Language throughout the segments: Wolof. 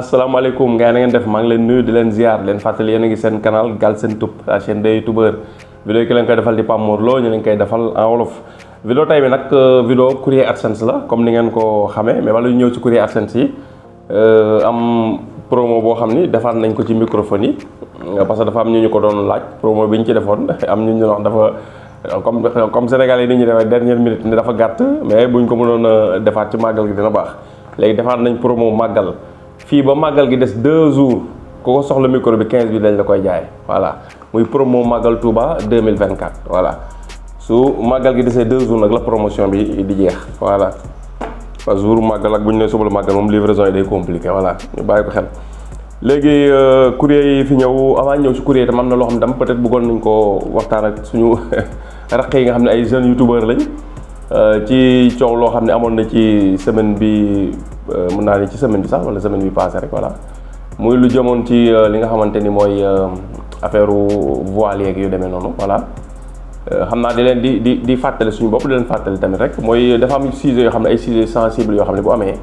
asalaamaaleykum gars yi na ngeen def maa leen nuyu di leen ziar leen fàttali yéen a ngi seen canal Galsen Tube la chaîne des youtubeurs vidéo ki leen koy defal di Pape Mor Lo koy defal en wolof tay bi nag euh, vidéo courrier AdSense la comme ni ngeen ko xamee mais wala ñu ñëw ci courrier AdSense yi euh, am promo boo xam ni defaat nañ ko ci microphone yi euh, parce que dafa am ñu ñu ko doon laaj promo bi ñu ci defoon am ñu ñu wax dafa comme comme sénégal yi ni ñu defee dernière minute ni dafa gàtt mais buñ ko mënoon a defaat ci màggal gi dina baax léegi defaat nañ promo màggal fii ba màggal gi des deux jours ku ko soxla micro bi 15 bi dañ la koy jaay voilà muy promo màggal Touba 2024 voilà su màggal gi desee deux jours nag la promotion bi di jeex voilà parce que jour màggal ak bu ñu nee suba la màggal moom livraison yi day compliqué voilà ñu bàyyi ko xel. léegi kurée euh, yi fi ñëw avant ñëw ci courrier tam am na loo xam ne tam peut-être bëggoon nañ ko waxtaan ak suñu raq yi nga xam ne ay jeunes youtubeurs lañ euh, ci coow loo xam ne amoon na ci semaine bi. Euh, mun naa ne ci semaine bi sax wala semaine bi passé rek voilà muy lu jëmoon ci euh, li nga xamante ni mooy euh, affaire voile yeeg yu demee noonu voilà xam naa di leen di di di fàttali suñu bopp di leen fàttali tamit rek mooy dafa am sujet yoo xam ne ay sujet sensible yoo xam ne bu amee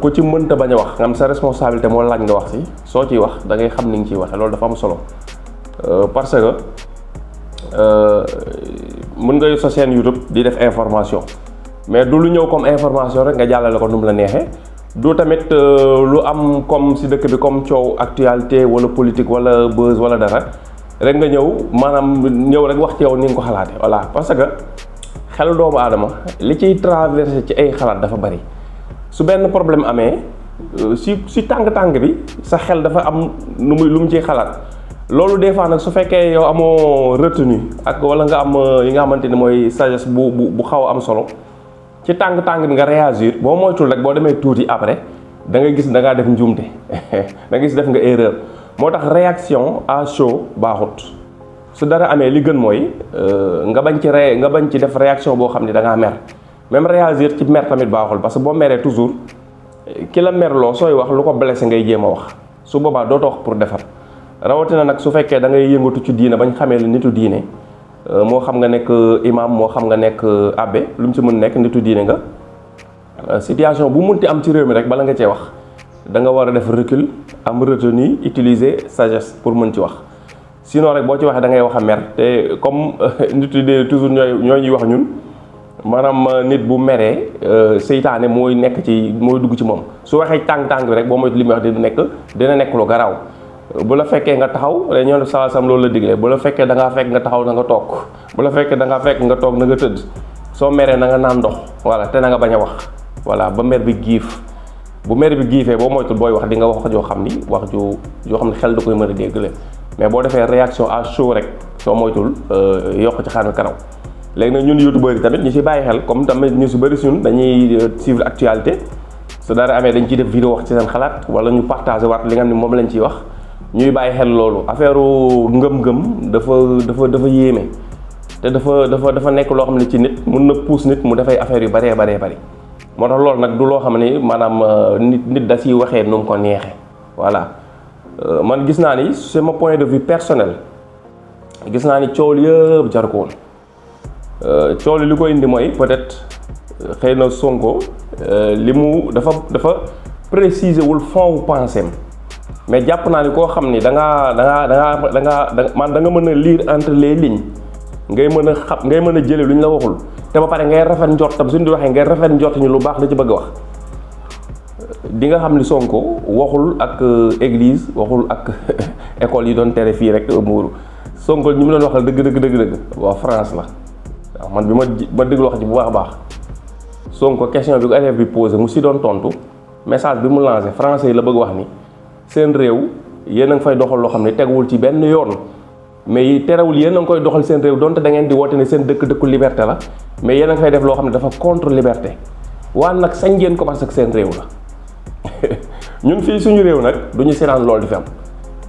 ku ci mënta bañ a wax nga am sa responsabilité moo laaj nga wax si soo ciy wax da ngay xam ni nga ciy waxee loolu dafa am solo parce que mën nga yor sa seen YouTube di def information mais du lu ñëw comme information rek nga jàllale ko nu mu la neexee du tamit euh, lu am comme si dëkk bi comme coow actualité wala politique wala buzz wala dara rek nga ñëw maanaam ñëw rek wax ci yow ni nga ko xalaatee voilà parce que xel doomu aadama li ciy traversé ci ay xalaat dafa bari su benn problème amee euh, si si tàng-tàng bi sa xel dafa am nu muy lu mu ciy xalaat loolu des fois nag su fekkee yow amoo retenu ak wala nga am euh, yi nga xamante ni mooy sagesse bu bu xaw a am solo. ci tàng tàng bi nga réagir boo moytul rek boo demee tuuti après da nga gis da def njuumte da nga gis def nga erreur moo tax réaction à chaud baaxut su dara amee li gën mooy euh, nga bañ ci ré nga bañ ci def réaction boo xam ne dangaa ngaa mer même réagir ci mer tamit baaxul parce que boo meree toujours ki la loo sooy wax lu ko blessé ngay jéem a wax su boobaa doo toog pour defar rawatina nag su fekkee da ngay yëngatu ci diine bañ xamee la nitu diine. Euh, moo xam nga nekk euh, imam moo xam nga nekk euh, abbé lu mu ci mën nekk nitu diine nga situation bu mun munti am ci réew mi rek bala nga cee wax da nga war a def recul am retenue utiliser sagesse pour mën ci wax sinon rek boo ci waxee da ngay wax a mer te comme nitu diine toujours ñooy ñooy ñuy wax ñun maanaam nit bu meree seytaane mooy nekk ci mooy dugg ci moom su waxee tàng-tàng bi rek boo ma li muy wax dina nekk dina nekk lu garaaw bu la fekkee nga taxaw rek ñoo saa sam loolu la digle bu la fekkee da ngaa fekk nga taxaw na nga toog bu la fekkee da ngaa fekk nga toog na nga tëdd soo meree na nga naan ndox voilà te na nga bañ a wax voilà ba mer bi giif bu mer bi giifee boo moytul booy wax di nga wax joo xam ni wax ju joo xam ne xel da koy mën a déggle mais boo defee réaction à chaud rek soo moytul euh, yokk ci xaanu karaw léegi nag ñun youtubeurs yi tamit ñu si bàyyi xel comme tamit ñu si bëri suñu dañuy euh, suivre actualité su dara amee dañ ciy def vidéo wax ci seen xalaat wala ñu partager waat li nga xam ne moom lañ ciy wax ñuy bàyyi xel loolu affaire ngëm-ngëm dafa dafa dafa yéeme te dafa dafa dafa nekk loo xam ne ci nit mun na puus nit mu dafay affaire yu baree baree bari moo tax loolu nag du loo xam ne maanaam euh, nit nit da siy waxee nu mu ko neexee voilà euh, man gis naa ni c'est mon point de vue personnel gis naa ni coow yëpp jar ko euh, coow li ko indi mooy peut-être xëy na Sonko li mu dafa dafa préciser wul fond wu pensée mais jàpp naa ni koo xam ni danga danga da da ngaa man da nga mën a liir entre les lignes ngay mën a xam ngay mën a jële lu ñu la waxul te ba pare ngay rafet njort tam suñu di waxee ngay rafet njort lu baax la ci bëgg a wax di nga xam ni Sonko waxul ak euh, église waxul ak école yi doon tere fii rek muuru Sonko ñu mu doon wax dëgg dëgg dëgg dëgg waaw France la man bi ma ma déglu wax ji bu baax a baax Sonko question bi ko élève bi posé mu si doon tontu message bi mu lancé français yi la bëgg wax ni seen réew yéen a fay doxal loo xam ne teguwul ci benn yoon mais terewul yéen a ngi koy doxal seen réew donte da ngeen di woote ne seen dëkk dëkku liberté la mais yéen a ngi fay def loo xam ne dafa contre liberté waa nag sañ ngeen ko parce que seen réew la ñun fii suñu réew nag duñu ñu lool loolu di fi am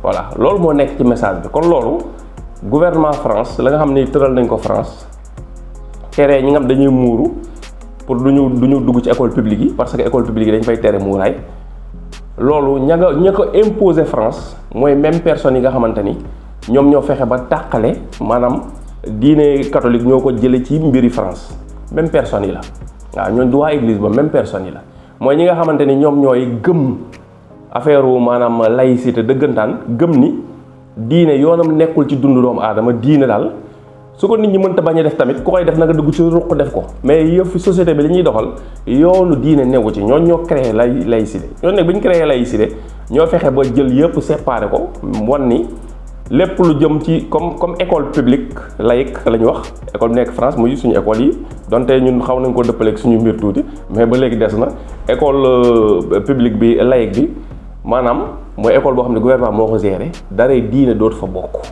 voilà loolu moo nekk ci message bi kon loolu gouvernement France la nga xam ni tëral nañ ko France tere ñi nga xam dañuy muuru pour du ñu du ñu dugg ci école publique yi parce que école dañ fay tere muuraay loolu ña nga ña ko imposé France mooy même personne yi nga xamante ni ñoom ñoo fexe ba tàqale maanaam diine catholique ñoo ko jële ci mbiri France même personne yi la waaw ñooñ du waa église ba même personne yi la mooy ñi nga xamante ni ñoom ñooy gëm affaire wu maanaam laïcité dëggantaan gëm ni diine yoonam nekkul ci dundu doomu aadama diine daal su ko nit ñi mënta bañ a def tamit ku koy def na nga dugg ci ruq def ko mais yëfu société bi li ñuy doxal yoonu diine newu ci ñooñ ñoo créé lay laïcité ñooñu nag bi ñu créé laïcité ñoo fexe ba jël yëpp séparé ko wan ni lépp lu jëm ci comme comme école publique laïque la ñu wax école nekk France muy suñu école yi donte ñun xaw nañ ko dëppaleeg suñu mbir tuuti mais ba léegi des na école euh, publique bi laïque bi maanaam mooy école boo xam ne gouvernement moo ko géré daree diine dootu fa bokk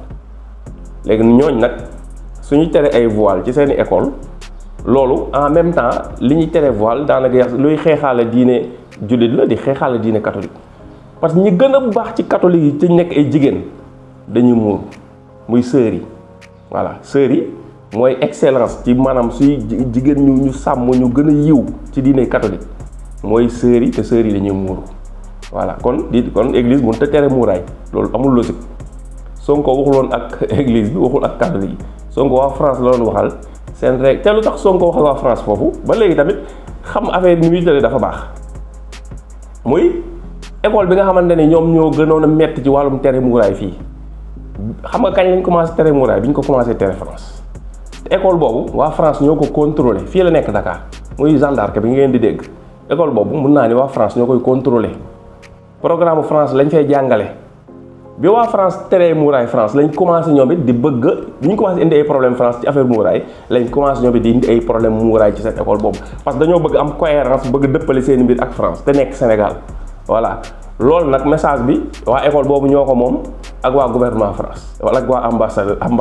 léegi ñooñ nag. suñu tere ay voile ci seeni école loolu en même temps li ñu tere voile daanaka yàlla luy xeexaale diine jullit la di xeexaale diine catholique parce que ñi gën a baax ci catholique yi ci nekk ay jigéen dañuy muur muy sœurs yi voilà sœurs yi mooy excellence ci maanaam suy jigéen ñu ñu sàmm ñu gën a yiw ci diine catholique mooy sœurs yi te sœurs yi dañuy muuru voilà kon di kon église mënut a tere muuraay loolu amul logique Sonko waxuloon ak église bi waxul ak catholique yi. Sonko waaw France la doon waxal seen rek te lu tax Sonko waxal waa France foofu ba léegi tamit xam affaire ni muy tëddee dafa baax muy école bi nga xamante ne ñoom ñoo gënoon a metti ci wàllum tere muuraay fii xam nga kañ lañ commencé tere muuraay bi ñu ko commencé tere France te école boobu waa France ñoo ko contrôlé fii la nekk Dakar muy gendarme bi ngeen di dégg école boobu mun naa ni waa France ñoo koy contrôlé programme France lañ fay jàngale. bi waa France teree muuraay France lañ commencé ñoom it di bëgg bi ñu commencé indi ay problème France ci affaire muuraay lañ commencé ñoom it di indi ay problème muuraay ci seen école boobu parce que dañoo bëgg am cohérence bëgg dëppale seen mbir ak France te nekk Sénégal voilà loolu nag message bi waa école boobu ñoo ko moom ak waa gouvernement France wala ak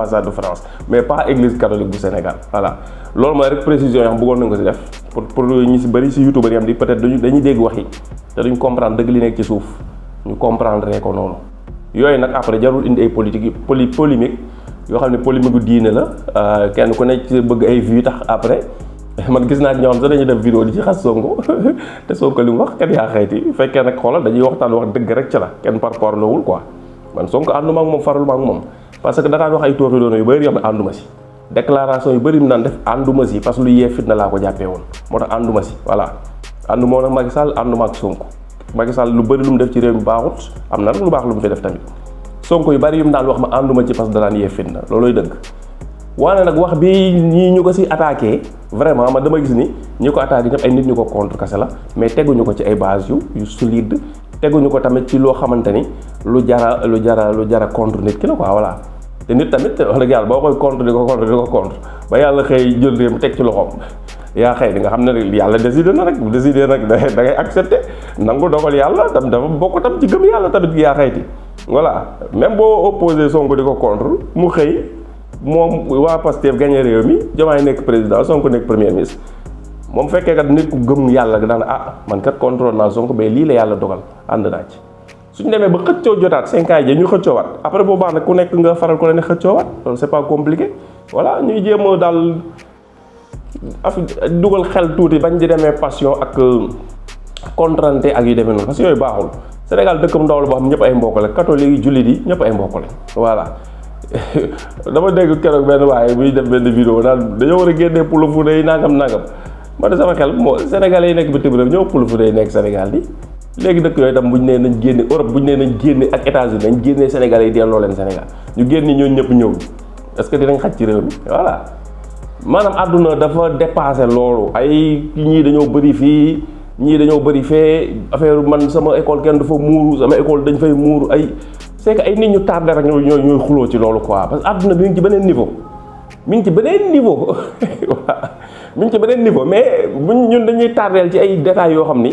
mais pas église catholique bu Sénégal voilà loolu mooy rek précision yoo xam bëggoon nañ si def pour pour ñu si bëri si youtube yi am di peut-être dégg wax yi te duñ comprendre dëgg li nekk ci suuf ñu comprendre ko noonu yooyu nag après jarul indi ay politique poli polémique yoo xam ne polémique gu diine la euh, kenn ku nekk ci bëgg ay vues tax après man gis naa ñoo xam sax dañuy def vidéo di ci xas Sonko te Sonko li mu wax kenn yaa fekkee nag xoolal dañuy waxtaan wax dëgg rek ci la kenn par parloowul quoi man Sonko ànduma ak moom faraluma ak moom parce que dataan wax ay tooxi doona yu bëri yoo xam ne ànduma si déclaration yu bëri mu naan def ànduma si parce que lu yee fitna laa ko jàppee woon moo tax ànduma si voilà ànduma woon mag Macky Sall ànduma ak Sonko Macky Sall lu bari lu mu def ci réew mi baaxut am na nag lu baax lu mu fi def tamit sonko yu bëri yu mu daan wax ma ànduma ci parce que danaan yee fitna looloy dëgg waane nag wax bi ñii ñu ko si attaqué vraiment ma dama gis ni ñi ko attaqué ñëpp ay nit ñu ko contre kase la mais teguñu ko ci ay base yu yu solide teguñu ko tamit ci loo xamante ni lu jara lu jara lu jara contre nit ki la quoi voilà te nit tamit wax dëgg yàlla boo koy contre di ko contre di ko contre yàlla xëy jël réew teg ci loxoom yaa xëy nga xam ne yàlla décidé na rek bu décidé nag da ngay accepté nangu dogal yàlla tam dafa bokk tam ci gëm yàlla tamit yaa xëyti voilà même boo opposé Sonko di ko contre mu xëy moom waa Pastef gagné réew mi Diomaye nekk président Sonko nekk premier ministre moom fekkee kat nit ku gëm yàlla daan ah man kat contrôle naa Sonko mais lii la yàlla dogal ànd naa ci suñu demee ba xëccoo jotaat cinq ans yi ñu xëccoowaat après boo baax nekk nga ko la ne xëccoowaat af dugal xel tuuti bañ di demee passion ak euh, contrante ak yu demee noonu parce que yooyu baaxul Sénégal dëkkam ndaw la boo xam ñëpp ay mbokk la catholique yi jullit yi ñëpp ay mbokk la voilà dama dégg keroog benn waaye buy def benn vidéo naan dañoo war a génnee pulafu day nangam nangam ma ne sama xel moo sénégalais yi nekk bitim réew ñoo pulafu day nekk Sénégal bi léegi dëkk yooyu tam bu ñu nee nañ génne Europe bu génne ak États-Unis nañ génne Sénégalais yi delloo leen Sénégal ñu génne ñooñu ñëpp ñëw est-ce que dinañ xaj ci réew mi voilà maanaam àdduna dafa dépassé loolu ay ñii dañoo bëri fii ñii dañoo bëri fee affaire man sama école kenn dafa muuru sama école dañ fay muuru ay c'est ay nit ñu tardé rek ñooy ñooy xuloo ci loolu quoi parce que àdduna bi mi ngi ci beneen niveau mi ngi ci beneen niveau waaw mi ngi ci beneen niveau mais buñ ñun dañuy tardeel ci ay détails yoo xam ni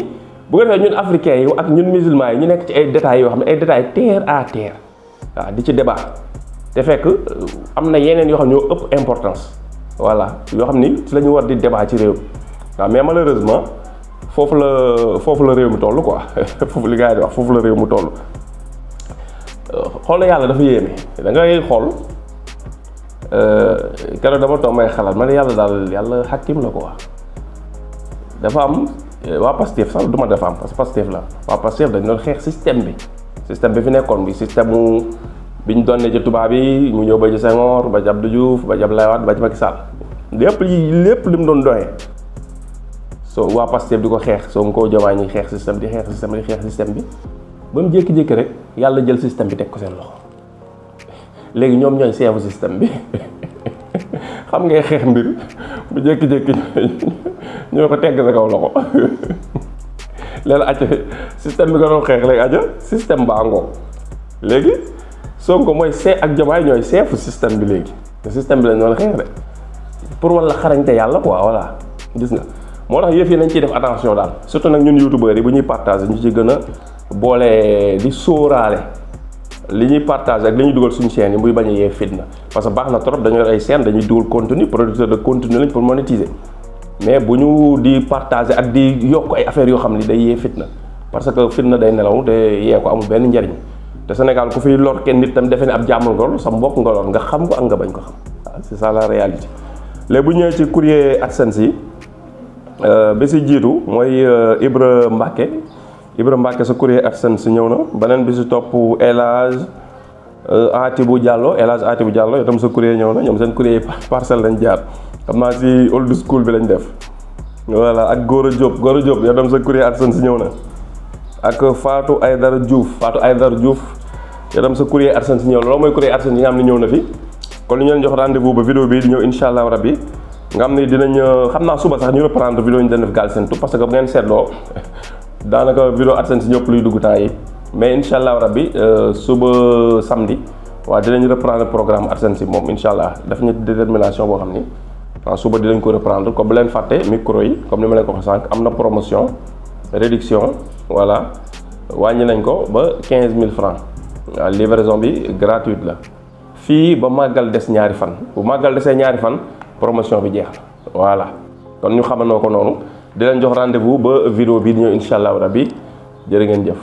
bu ko ñun africains yi ak ñun musulmans yi ñu nekk ci ay détails yoo xam ne ay détails terre à terre waaw di ci débat te fekk euh, am na yeneen yoo xam ñoo ëpp importance voilà yoo xam ni ci la ñu war di débat ci réew mi waaw mais malheureusement foofu la foofu la réew mu toll ko foofu li gars wax foofu la réew mi toll xool yàlla dafa yéeme da xool euh, keroog dama toog may xalaat man yàlla daal yàlla xàkkim la ko wax dafa am euh, waa Pastef sax du ma dafa am parce que la waa Pastef dañ doon xeex système bi système bi fi nekkoon bi système bi ñu donnee ci tubaab yi mu ñëw ba ci Senghor ba ci Abdou Diouf ba ci Abdoulaye Wade ba ci Macky Sall lépp yi lépp li mu doon doyee soo waa Pastef di ko xeex soo ko jomaay ñuy xeex système di xeex système di xeex système bi ba mu jékki-jékki rek yàlla jël système bi teg ko seen loxo léegi ñoom ñooy seefu système bi xam ngay xeex mbir bu jékki-jékki ñoo ko tegg sa kaw loxo léegi acca système bi nga doon xeex léegi acca système baa ngoog léegi Sonko mooy see ak Diomaye ñooy seefu système bi léegi te système bi lañ doon xeex rek pour wala xarañte yàlla quoi voilà gis nga moo tax yëf yi nañ ciy def attention daal surtout nag ñun youtubeurs yi bu ñuy partage ñu ci gën a boole di sóoraale li ñuy partage ak li ñuy dugal suñu chaîne yi muy bañ a yee fitna parce que baax na trop dañoo ay chaîne dañuy dugal continue producteur de contenu lañ pour monétiser mais bu ñu di partager ak di yokk ay affaires yoo xam ni day yee fitna parce que fitna day nelaw te yee ko benn njariñ te Sénégal ku fiy lor kenn nit tam defe ne ab jàmmul nga sa mbokk nga lor xam ko ak nga bañ ko xam waaw c'est ça la léegi bu ñëwee ci courrier AdSense yi euh, bi si jiitu mooy euh, Ibra Mbacke Ibra Mbacke sa courrier si ñëw na beneen bi si topp El bu jàlloo élage ati bu Atibou Diallo itam sa courrier ñëw na ñoom seen courrier parcelle lañ jaar xam naa si old school bi lañ def voilà ak góor Gora Diop Gora Diop yow tam sa courrier si ñëw na. ak Fatou Aydara Diouf Fatou Aydara Diouf yaram sa courrier AdSense ñëw loolu mooy courrier AdSense yi nga xam ne ñëw na fi kon ñu leen jox rendez-vous ba vidéo bi incha allah rabbi nga xam ne dinañ xam naa suba sax ñu reprendre vidéo ñu daan def Galsen Tube parce que bu ngeen seetloo daanaka vidéo AdSense ñëpp luy dugg temps mais incha allah rabbi euh, suba samedi waaw dinañ reprendre programme AdSense yi moom incha allah def ñu boo xam ni waaw suba dinañ ko reprendre comme leen fàtte micro yi comme ni ma leen sànq am na promotion. réduction voilà wàññi nañ ko ba 15000 francs waaw livraison bi gratuite la fii ba màggal des ñaari fan bu màggal desee ñaari fan promotion bi jeex na voilà kon ñu xamanoo ko noonu di leen jox rendez bu ba vidéo bi di ñëw incha allahu rabbi jër ngeen jëf